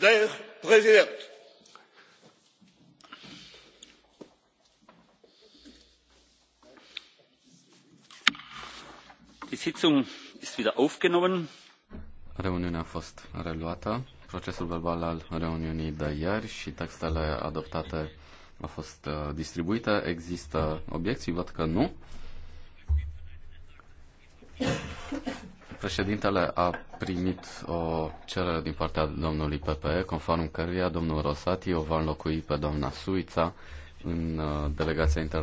der präsident! die sitzung ist wieder aufgenommen. reuniunea a fost reluată. Procesul verbal al reuniunii de ieri și textele adoptate au fost uh, distribuite. Există obiecții? Văd că nu. Președintele a primit o cerere din partea domnului PPE, conform căruia domnul Rosati o va înlocui pe doamna Suița în uh, delegația internațională.